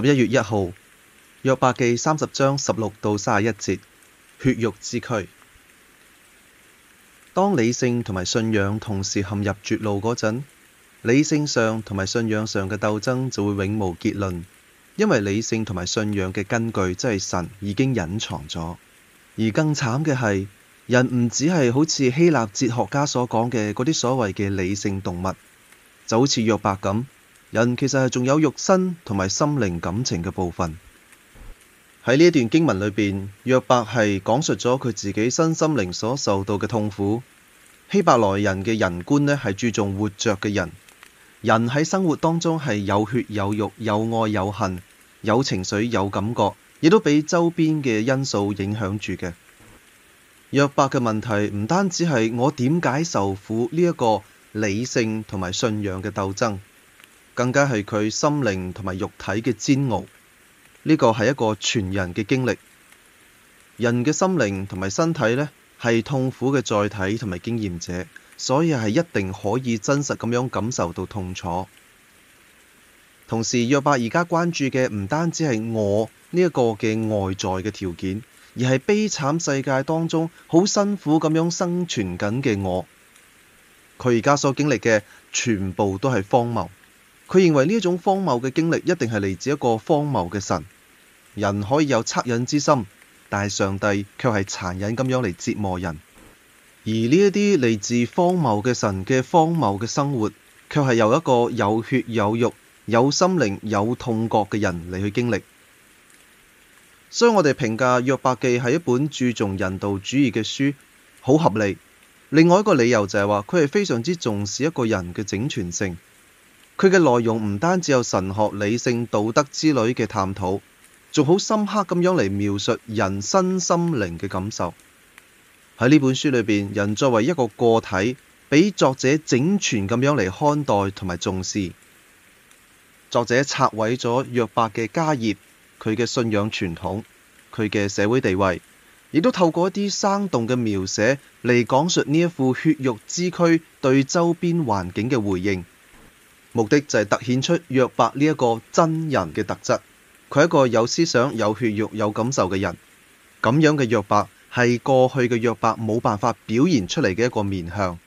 十一月一號，約伯記三十章十六到三十一節，血肉之軀。當理性同埋信仰同時陷入絕路嗰陣，理性上同埋信仰上嘅鬥爭就會永無結論，因為理性同埋信仰嘅根據即係神已經隱藏咗。而更慘嘅係，人唔只係好似希臘哲學家所講嘅嗰啲所謂嘅理性動物，就好似約伯咁。人其實係仲有肉身同埋心靈感情嘅部分。喺呢一段經文裏邊，約伯係講述咗佢自己身心靈所受到嘅痛苦。希伯來人嘅人觀呢係注重活着嘅人，人喺生活當中係有血有肉、有愛有恨、有情緒、有感覺，亦都俾周邊嘅因素影響住嘅。約伯嘅問題唔單止係我點解受苦呢？一個理性同埋信仰嘅鬥爭。更加係佢心靈同埋肉體嘅煎熬，呢個係一個全人嘅經歷。人嘅心靈同埋身體呢，係痛苦嘅載體同埋經驗者，所以係一定可以真實咁樣感受到痛楚。同時，約伯而家關注嘅唔單止係我呢一個嘅外在嘅條件，而係悲慘世界當中好辛苦咁樣生存緊嘅我。佢而家所經歷嘅全部都係荒謬。佢認為呢一種荒謬嘅經歷一定係嚟自一個荒謬嘅神。人可以有惻隱之心，但係上帝卻係殘忍咁樣嚟折磨人。而呢一啲嚟自荒謬嘅神嘅荒謬嘅生活，卻係由一個有血有肉、有心靈、有痛覺嘅人嚟去經歷。所以我哋評價《約伯記》係一本注重人道主義嘅書，好合理。另外一個理由就係話，佢係非常之重視一個人嘅整全性。佢嘅內容唔單止有神學、理性、道德之類嘅探討，仲好深刻咁樣嚟描述人身心靈嘅感受。喺呢本書裏邊，人作為一個個體，俾作者整全咁樣嚟看待同埋重視。作者拆毀咗約伯嘅家業，佢嘅信仰傳統，佢嘅社會地位，亦都透過一啲生動嘅描寫嚟講述呢一副血肉之軀對周邊環境嘅回應。目的就係突顯出約伯呢一個真人嘅特質，佢係一個有思想、有血肉、有感受嘅人，咁樣嘅約伯係過去嘅約伯冇辦法表現出嚟嘅一個面向。